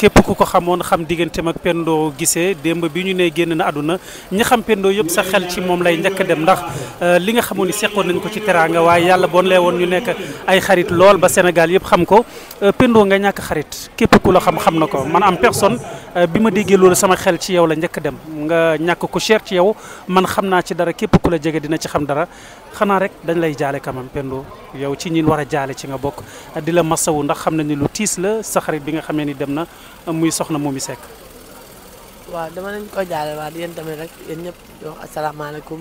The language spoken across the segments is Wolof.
képp ku ko xamoon xam digganteem ak Pendo Guissé démb bi ñu nee génn na àdduna ñi xam Pendo yëpp sa xel ci moom lay njëkk dem ndax euh, li nga xamoon ni seqoon nañ ko ci teraanga waaye yàlla boon lee woon ñu nekk ay xarit lool ba Sénégal yëpp xam ko euh, Pendo nga ñàkk xarit képp ku la xam xam na ko man am personne Euh, bi ma déggee loolu sama xel ci yow la njëkk dem nga ñàkk ku cher ci yow man xam naa ci dara képp ku la jege dina ci xam dara xanaa rek dañ lay jaale quand même Pendo yow ci ñin war a jaale ci nga bokk di la masawu ndax xam na ni lu tiis la sa xarit bi nga xamee ni dem na muy soxna moom Momy Seck. waa dama nañ ko jaale waa yéen tamit rek yéen ñëpp di wax asalaamaaleykum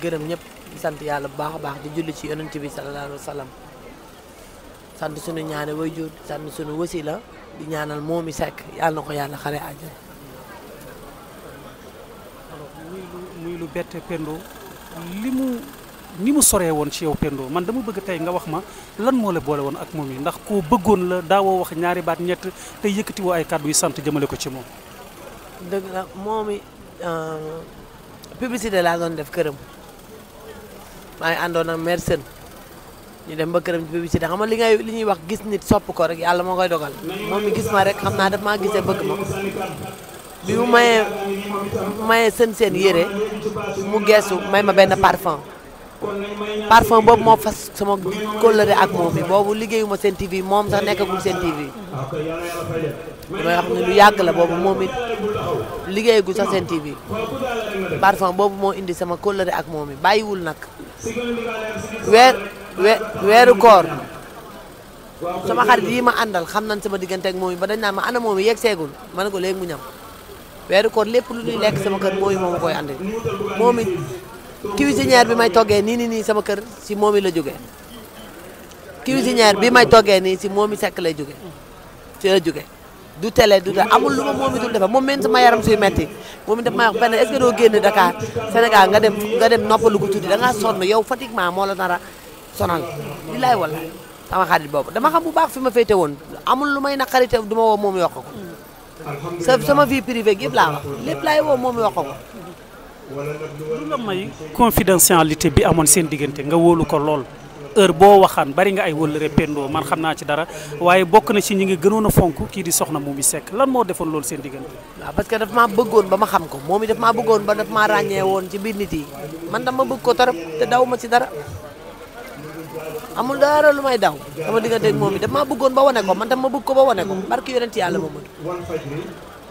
gërëm ñëpp sant yàlla bu baax a baax di julli ci yonent bi sallallahu alayhi wa sallam sant sunu ñaane way di ñaanal moomi sekk yàlla na ko yàlla xare àjjana. muy lu muy lu bett Pendo li mu ni mu soree woon ci yow Pendo man dama bëgg tey nga wax ma lan moo la boole woon ak moom yi ndax koo bëggoon la daawoo wax ñaari baat ñett te yëkkatiwoo ay kàddu yi sant jëmale ko ci moom. dëgg la moomi euh, publicité laa doon def këram waaye ngi àndoon ak mère ñu dem ba këram ci publicité xam li ngay li ñuy wax gis nit sopp ko rek moo koy dogal moom mi gis ma rek xam naa daf maa gisee bëgg ma bi mu mayee mayee seen seen yére mu geesu may ma benn parfum parfum boobu moo fas sama kóllëre ak moom bi moom sax nekkagul seen TV damay lu yàgg la boobu moom it liggéeyagul sax seen TV parfum boobu moo indi sama kóllëre ak moom bi bàyyiwul nag weer we weeru koor sama xarit yi ma àndal xam nañ sama diggante ak moom ba dañ naa ma ana moom yegg seegul ma ne ko léegi mu ñam weeru koor lépp lu ñuy sama kër moom yi moom a koy andi moom bi may toggee nii nii nii sama kër si moom yi la jógee cuisinière bi may toggee nii si moom yi sekk lay jóge si la jóge du télé du da amul lu ma moom itul defar moom même sama yaram suy metti moom it daf may wax benn est-ce nga dem nga dem noppalu ko tuuti da ngaa yow pratiquement moo la nara sonal billaay wallaay sama xarit boobu dama xam bu baax fi ma féete woon amul lu may naqari te du woo moom yokk ko sama vie privée gi yëpp laa wax lépp laay woo moom yokk ko lu la may confidentialité bi amoon seen diggante nga wóolu ko lool heure boo waxaan bari nga ay wëllëre pendoo man xam naa ci dara waaye bokk na ci ñi ngi gënoon a fonk kii di soxna Momy sekk lan moo defoon loolu seen diggante waaw parce que daf maa bëggoon ba ma xam ko moom it daf maa bëggoon ba daf maa ràññee woon ci biir nit man dama bëgg ko torop te daw ma ci dara amul dara lu may daw sama digganteeg moom it dama bëggoon ba wane ko man tam ma bëgg ko ba wane ko barki yonent yàlla ma mën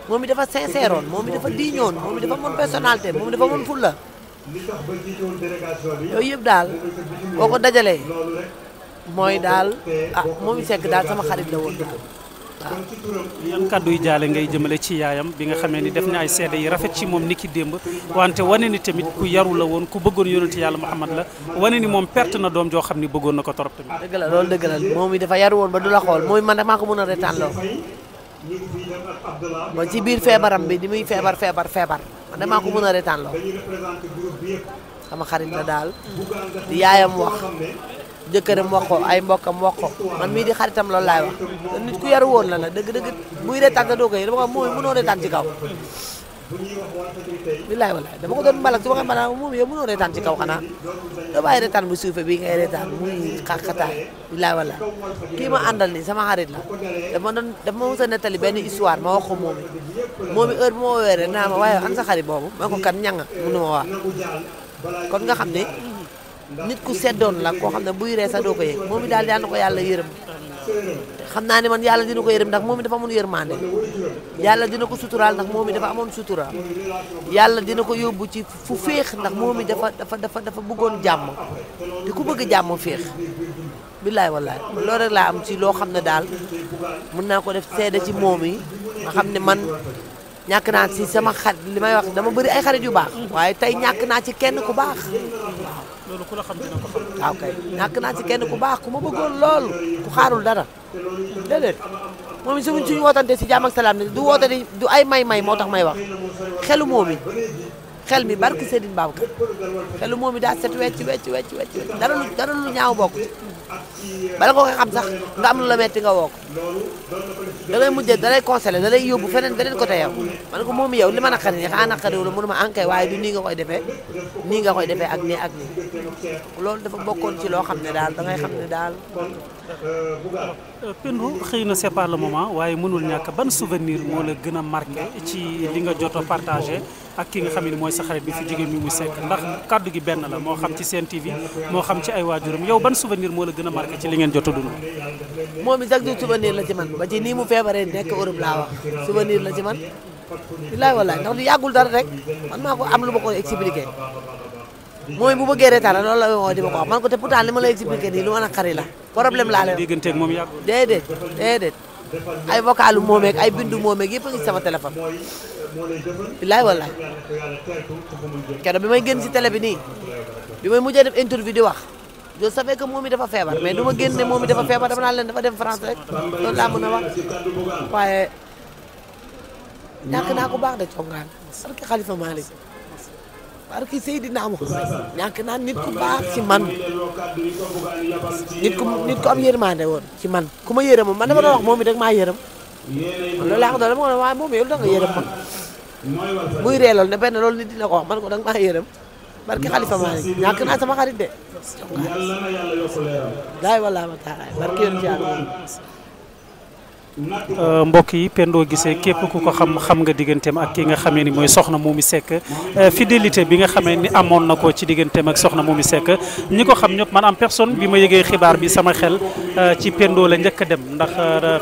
moom it dafa sincère woon moom it dafa diiñoon moom it dafa mën personnalité moom it dafa mën fulla yooyu yëpp daal boo ko dajalee mooy daal ah moom it sekk daal sama xarit la woon yan kàddu yu jaale ngay jëmale ci yaayam bi nga xamee ni def na ay seede yi rafet ci moom niki démb wante wane ni tamit ku yaru la woon ku bëggoon yonent yàlla Muhammad la wane ni moom perte na doom joo xam ni bëggoon na ko torop tamit. dëgg la loolu dëgg la moom it dafa yaru woon ba du la xool mooy man damaa ko mën a retaan loo mooy ci biir feebaram bi di muy feebar feebar feebar man ko mën a retaan loo sama xarit la daal di yaayam wax. jëkkëram wax ay mbokkam wax man mii di xaritam loolu laay wax nit ku yar woon la la dëgg dëgg buy retaan te doo koy dama ko mooy mënoo retaan ci kaw bilaay walaay dama ko doon mbalak su ma ko maanaam moom yow mënoo retaan ci kaw xanaa doo bàyyi retaan bu suufee bii ngay retaan muy xàqataay bilaay walaay kii ma àndal nii sama xarit la dama doon a nettali benn histoire ma wax ko moom it moom it heure naa ma waaye an sa xarit boobu ma ko kan ñanga mënu ma nit ku seddoon la koo xam ne buy ree sa doo ko yëg moom it daal yal na ko yàlla yërëm xam naa ne man yàlla dina ko yërëm ndax moom it dafa amoon yërmande yàlla dina ko suturaal ndax moom it dafa amoon suturaal yàlla dina ko yóbbu ci fu féex ndax moom it dafa dafa dafa dafa bëggoon jàmm te ku bëgg jàmm féex billaay wallaay loolu rek laa am ci loo xam ne daal mën naa ko def seede ci moom yi nga xam ne man ñàkk naa si sama xarit li may wax dama bëri ay xarit yu baax waaye tey naa ci kenn ku baax loolu ku la naa ci kenn ku baax ku ma bëggoon lool ku xaarul dara déedéet moom suñu suñu wootante si jàmm salaam ne du woote ni du ay may-may moo tax may wax xelu moom it xel mi barke Serigne Babacar xelu moom it daa set wecc wecc wecc wecc dara lu dara lu ñaaw bokk bala nga koy xam sax nga am lu la metti nga woo ko da ngay mujjee da lay conseillé yóbbu feneen beneen côté yow man ko moom yow li ma naqari nii xanaa naqariwu la mënuma ankay ah waaye du nii nga koy defee nii nga koy defee ak nii ak nii loolu dafa bokkoon ci loo xam ne daal da xam ne daal. Pendo xëy na c'est la le moment waaye mënul ñàkk ban souvenir moo la gën a marqué ci li nga jot a partagé ak ki nga xam ne mooy sa xarit bi fi jigéen mi mu sekk ndax kàddu gi benn la moo xam ci seen TV moo xam ci ay waajuram yow ban souvenir moo gën a marqué ci li ngeen jot a dund moom it chaque jour souvenir la ci man ba ci nii mu feebaree nekk Europe laa wax souvenir la ci man bilaay wallaay ndax du yàggul dara rek man maa ko am lu ma ko expliqué mooy bu bëggee reetaan loolu la woo di ma ko wax man ko te pourtant li ma la expliqué nii lu ma naqari la problème laa leen digganteeg moom yàggul déedéet ay vocalu moomeeg ay bindu moomeeg yëpp a ngi sama téléphone bilaay wallaay keroog bi may génn si télé bi nii bi may mujjee je savais que moom it dafa feebar mais du ma génn ne moom it dafa feebar dama naa leen dafa dem France rek loolu laa mën a wax waaye ñàkk naa ko baax de congaan barki Xalifa Malick barki Seydina Muhammad ñàkk naa nit ku baax ci man nit ku nit ku am woon ci man ku ma yërëm man dama doon wax moom it rek maa yërëm loolu laa ko doon muy reelool ne benn loolu nit dina ko wax ko da nga maa yërëm barki xalifa Maalik ñàkk naa sama xarit de. daay wallaahi wa taala barki yoon ci yàlla Euh, mbokk yi Pendo Guissé képp ku ko xam xam nga digganteem ak ki nga xamee ni mooy soxna Momy Seck euh, fidélité bi nga xamee ni amoon na ko ci digganteem ak soxna Momy Seck ñi ko xam ñëpp man am personne bi ma yëgee xibaar bi sama xel euh, ci Pendo la njëkk a dem ndax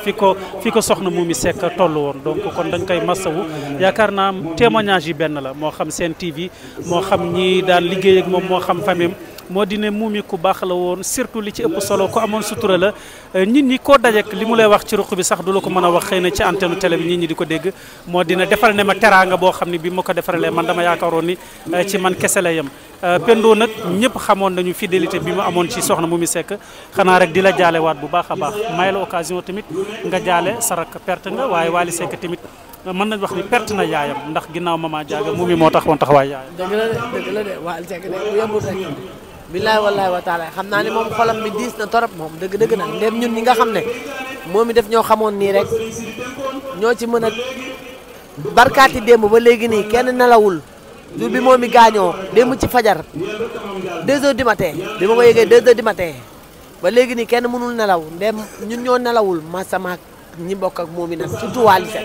fi ko fi ko soxna Momy Seck toll woon donc kon dañ koy massawu yaakaar naa témoignage yi benn la moo xam seen TV moo xam ñii daal liggéey ak moom moo xam famille moo di ne muumi ku baax la woon surtout li ci ëpp solo ko amoon sutura la euh, nit ñi koo dajek li mu lay wax ci ruq bi sax du la ko mën a wax xëy na ci antenne télé bi nit ñi di ko dégg moo dina defal ne ma teraanga boo xam ne bi ma ko defaralee man dama yaakaaroon ni euh, ci man kese la yem euh, Pendo nag ñëpp xamoon nañu fidélité bi mu amoon ci soxna Momy Seck xanaa rek di la jaalewaat bu baax a baax may la occasion tamit nga jaale sarak perte nga waaye Waly Seck tamit mën nañ wax ni perte na yaayam ndax ginnaaw mama jaaga Momy moo tax woon taxawaay yaayam dëgg la de dëgg la de Waly Seck de billaay wallaay wa xam naa ne moom xolam mi diis na torop moom dëgg dëgg na ndéem ñun ñi nga xam ne moom def ñoo xamoon nii rek ñoo ci mën a barkaati démb ba léegi nii kenn nelawul jur bi moom i gaañoo démb ci fajar 2 heures du matin bi ma ko yëgee 2 heures du matin ba léegi nii kenn mënul nelaw ndem ñun ñoo nelawul ma sama ñi bokk ak moom i nag surtout Wally Seck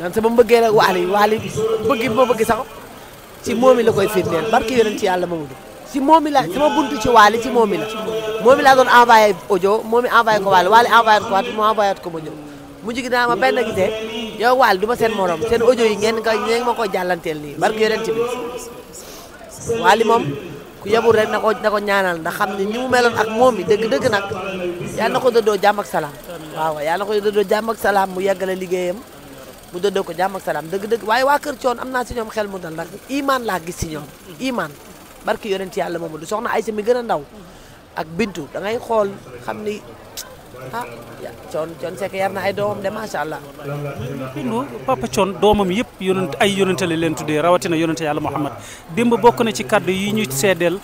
man sama mbëggee rek Wally Wally bëgg ci moom mi la koy firndeel barki yonent ci yàlla Mamadou ci moom mi la sama buntu ci waali ci moom mi la moom mi laa doon envoyé audio moom mi envoyé ko waali waali envoyé ko waat mu envoyé ko ma ñëw mu jigi naa ma benn gisee yow waali du ma seen morom seen audio yi ngeen ka ngeen ma ko jàllanteel nii barki yonent bi waali moom ku yebul rek na ko na ko ñaanal ndax xam ne ni mu meloon ak moom mi dëgg-dëgg nag yàlla na ko dëddoo jàmm ak salaam waaw yàlla na ko dëddoo jàmm ak salaam mu yeggale liggéeyam mu dëddoo ko jàmm ak salaam dëgg-dëgg waaye waa kër coon am naa si ñoom xel mu dal ndax laa gis ñoom imaan barki yonent yàlla mooma du soxna Aysa mi gën a ndaw ak bintu da ngay xool xam ni ah coon coon Seck yar na ay doomam de macha allah. non papa coon doomam yëpp yonent ay yonente la leen tuddee rawatina yonente yàlla Muhammad démb bokk na ci kàddu yi ñu seedeel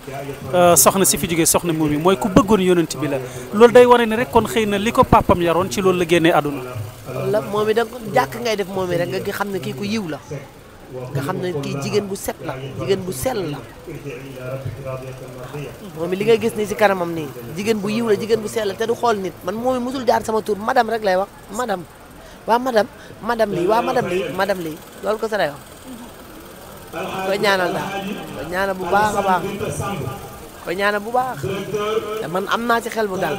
euh, soxna si fi jógee soxna moom yi mooy ku bëggoon yonent bi la loolu day wane ni rek kon xëy na li ko papam yaroon ci loolu la génnee àdduna la moom i da jàkk ngay def moom i rek nga xam ne kii ko yiw la nga xam na kii jigéen bu set la jigéen bu sell la moom li nga gis ni si kanamam nii jigéen bu yiw la jigéen bu sell la te du xool nit man moom it musul jaar sama tuur madame rek lay wax madam waa madame madame li waa madame lii madame lii loolu ko sa lay wax koy ñaanal daal koy ñaanal bu baax a baax koy ñaanal bu baax te man am naa ci xel bu daal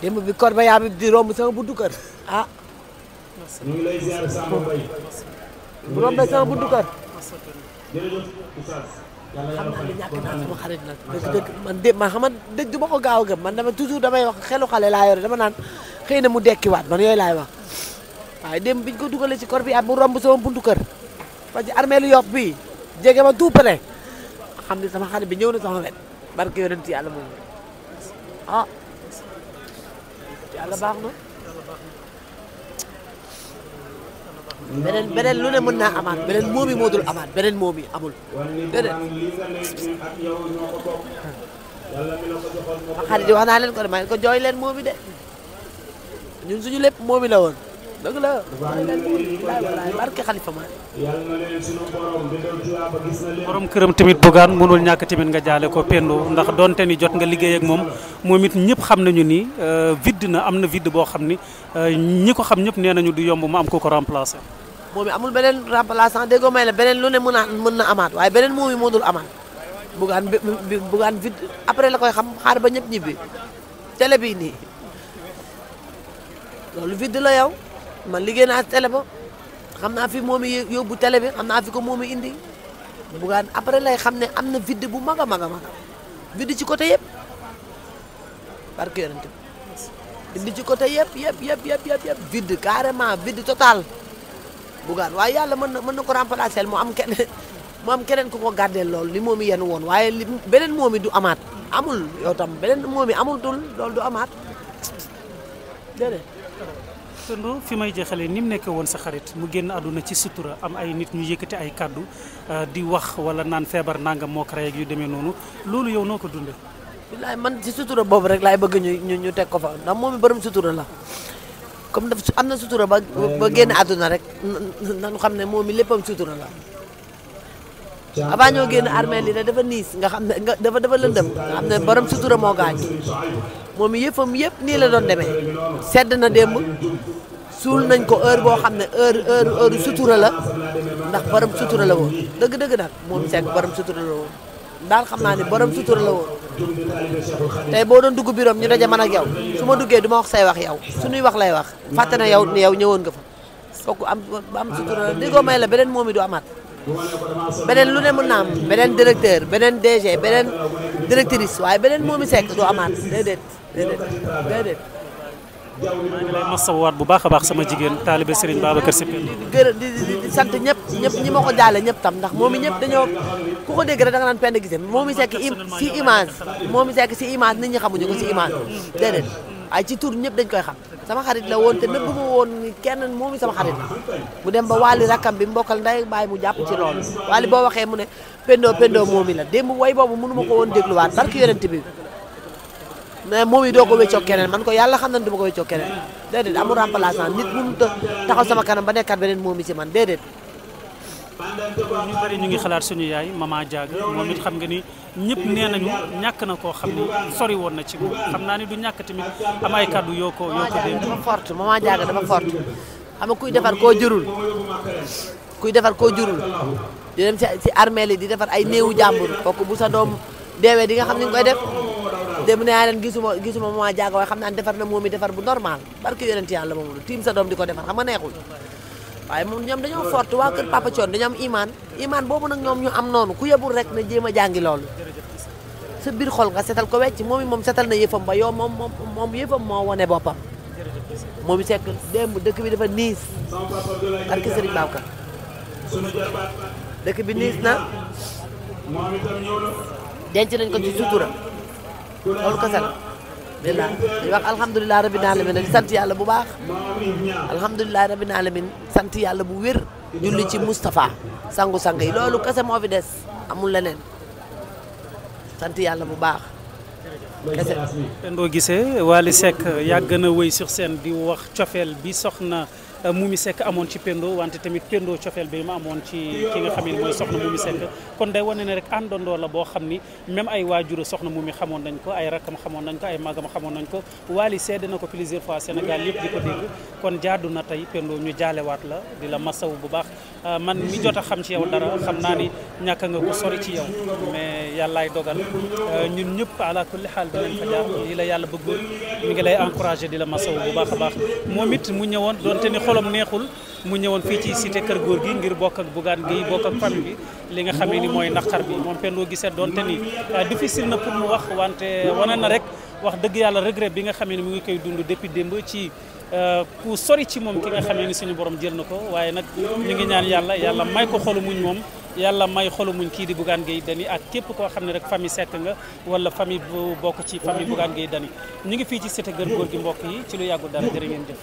démb bi korba yaa bi di romb sama buntu kër ah bu rombee sama buntu kër. xam naa ne ñàkk naa sama xarit dëgg-dëgg man dé man xam du ma gaaw gëm man dama toujours damay wax xelu xale laa dama naan xëy na mu dekkiwaat man yooyu laay wax waaye démb biñ ko dugalee ci kor bi at mu romb sama buntu kër parce que armeelu Yoff bii jege ma tout près xam ne sama xarit bi ñëw na sama wet barke yonent yàlla moom ah beneen lu ne mën naa amaat beneen moomi moo dul amaat beneen moomi amul déedéet. ma moomi de ñun suñu lépp moomi la woon dëgg la jooy leen moomi walaay barke këram tamit bugaan mënul ñàkk tamit nga jaale ko pendu ndax donte ni jot nga liggéey ak moom moom it ñëpp xam nañu nii euh, vide na am na vide boo xam ni euh, ñi ko xam ñëpp nee nañu du yomb mu am ko ko remplacer. moom amul beneen remplaçant déggoo ma la beneen lu ne mën a mën amaat waaye beneen moom yi moo dul amaat bugaan bi bugaan vide après la koy xam xaar ba ñëpp ñibbi télé bii nii loolu vide la yow man liggéey naa télé ba xam naa fi moom yi yóbbu télé bi xam naa fi ko moom yi indi bugaan après lay xam ne am na vid bu mag a mag a mag ci côté yëpp parce que yonent bi ci côté yëpp yëpp yëpp yëpp yëpp vide carrément vide total bugaan waaye yàlla mën na mën na ko remplacer mu am kenn mu keneen ku ko gàddeel lool li moom yenn woon waaye li beneen moom yi du amaat amul yow tam beneen moom yi amul tul loolu du amaat déedéet. Tonton fi may jeexalee ni mu nekkee woon sa xarit mu génn àdduna ci sutura am ay nit ñu yëkkati ay kàddu euh, di wax wala naan feebar nangam moo créé yu demee noonu loolu yow noo ko dundee. bilaay man ci sutura boobu rek laay bëgg ñu ñu teg ko fa ndax moom i borom sutura la. comme daf am na sutura ba ba génn àdduna rek nanu xam ne moom mi léppam sutura la avant ñoo génn armeel li ne dafa niis nga xam ne nga dafa dafa lëndëm nga xam ne borom sutura moo gaañ moom yëppam yëpp nii la doon demee sedd na démb suul nañ ko heure boo xam ne heure heure heure sutura la ndax borom sutura la woon dëgg-dëgg nag moom Seck borom sutura la woon daal xam naa ne borom sutura la woon tey boo doon dugg biroom ñu daja man ak yow su ma duggee du ma wax say wax yow suñuy wax lay wax fàtte na yow ni yow ñëwoon nga fa kooku am am sutura déggoo may la beneen moom yi du amaat beneen lu ne mën naa am beneen directeur beneen DG beneen directrice waaye beneen moomi sekk du amaat déedéet déedéet déedéet maa ngi lay masawaat bu baax a baax sama jigéen taalibe Serigne Babacar Sy ñëpp ñëpp ñi ma ko jaale ñëpp tam ndax moom i ñëpp dañoo ku ko dégg rek da nga naan Penda Guissé moom sekk si image moom i sekk si image nit ñi xamuñu ko si image ñëpp dañ koy xam sama xarit la woon te nëbb woon kenn moom i sama xarit mu dem ba Waly rakkam bi mbokkal ndey bàyyi mu jàpp ci loolu Waly boo waxee mu ne Pendo Pendo moom i la démb way boobu mënu ma ko woon dégluwaat barki yonent bi mais moom yi doo ko wéccoog keneen man ko yàlla xam na ne du ma ko wéccoog keneen déedéet amul remplaçant nit mu taxaw sama kanam ba nekkaat beneen moom yi ci man déedéet. ñu bari ñu ngi xalaat suñu yaay mama Diaga moom it xam nga ni ñëpp nee nañu ñàkk na koo xam ni sori woon na ci moom xam naa ni du ñàkk tamit am ay kàddu yoo ko yoo ko dégg. dafa forte mama Diaga dafa forte xam kuy defar koo jërul kuy defar koo jërul di dem ci di defar ay néewu jàmbur kooku sa doom deewee dem nee naa leen gisuma gisuma mama jaaga waaye xam naa defar na moom i defar bu normal barke yonent yàlla moom lu tiim sa doom di ko defar xam nga neexul waaye moom ñoom dañoo fort waa kër Papa Thione dañoo am imaan imaan boobu nag ñoom ñu am noonu ku yebul rek na jéem a jàngi loolu sa biir xol nga setal ko wecc moom i moom setal na yëfam ba yow moom moom moom yëfam moo wone boppam moom i sekk démb dëkk bi dafa niis barke Sëriñ Babacar dëkk bi niis na denc nañ ko loolu kese la billaay wax alhamdulilah rabbil alamin di sant yàlla bu baax alhamdulilah rabbil alamin sant yàlla bu wér julli ci Moustapha sangu sang yi loolu kese moo fi des amul leneen sant yàlla bu baax kese la. boo gisee Wally Seck yàgg na wëy sur di wax cofeel bi soxna. Euh, Moumi Seck amoon ci Pendo wante tamit Pendo cofeel bi ma amoon ci ki nga xam ne mooy soxna Moumi Seck kon day wane rek àndandoo la boo xam ni même ay waajuru soxna Moumi xamoon nañ ko ay rakkam xamoon nañ ko ay magam xamoon nañ ko Wally seede na ko plusieurs fois Sénégal yëpp di ko dégg kon jaadu na tey Pendo ñu waat la di la wu bu baax euh, man mi jot a xam ci yow dara xam naa ni ñàkk nga ko sori ci yow mais yàllaay dogal euh, ñun ñëpp ala kulli xaal dinañ fa jaar lii la yàlla bëggoon mi ngi lay encouragé di la masaw bu baax a baax xolam neexul mu ñëwoon fii ci cité kër góor gi ngir bokk ak bugaan gi bokk ak famille bi li nga xamee ni mooy naqar bi moom Pendo Guissé donte ni euh, difficile na pour mu wax wante wane na rek wax dëgg yàlla regret bi nga xamee ni mu ngi koy dund depuis démb ci euh, ku sori ci moom ki nga xamee ni suñu borom jël na ko waaye nag ñu ngi ñaan yàlla yàlla may ko xolu muñ moom yàlla may xolu muñ kii di Bougane Gueye Dany ak képp koo xam ne rek famille Seck nga wala famille bu bokk ci famille Bougane Gueye Dany ñu ngi fii ci cité kër góor mbokk yi ci lu yàggu dara jërë ngeen jëf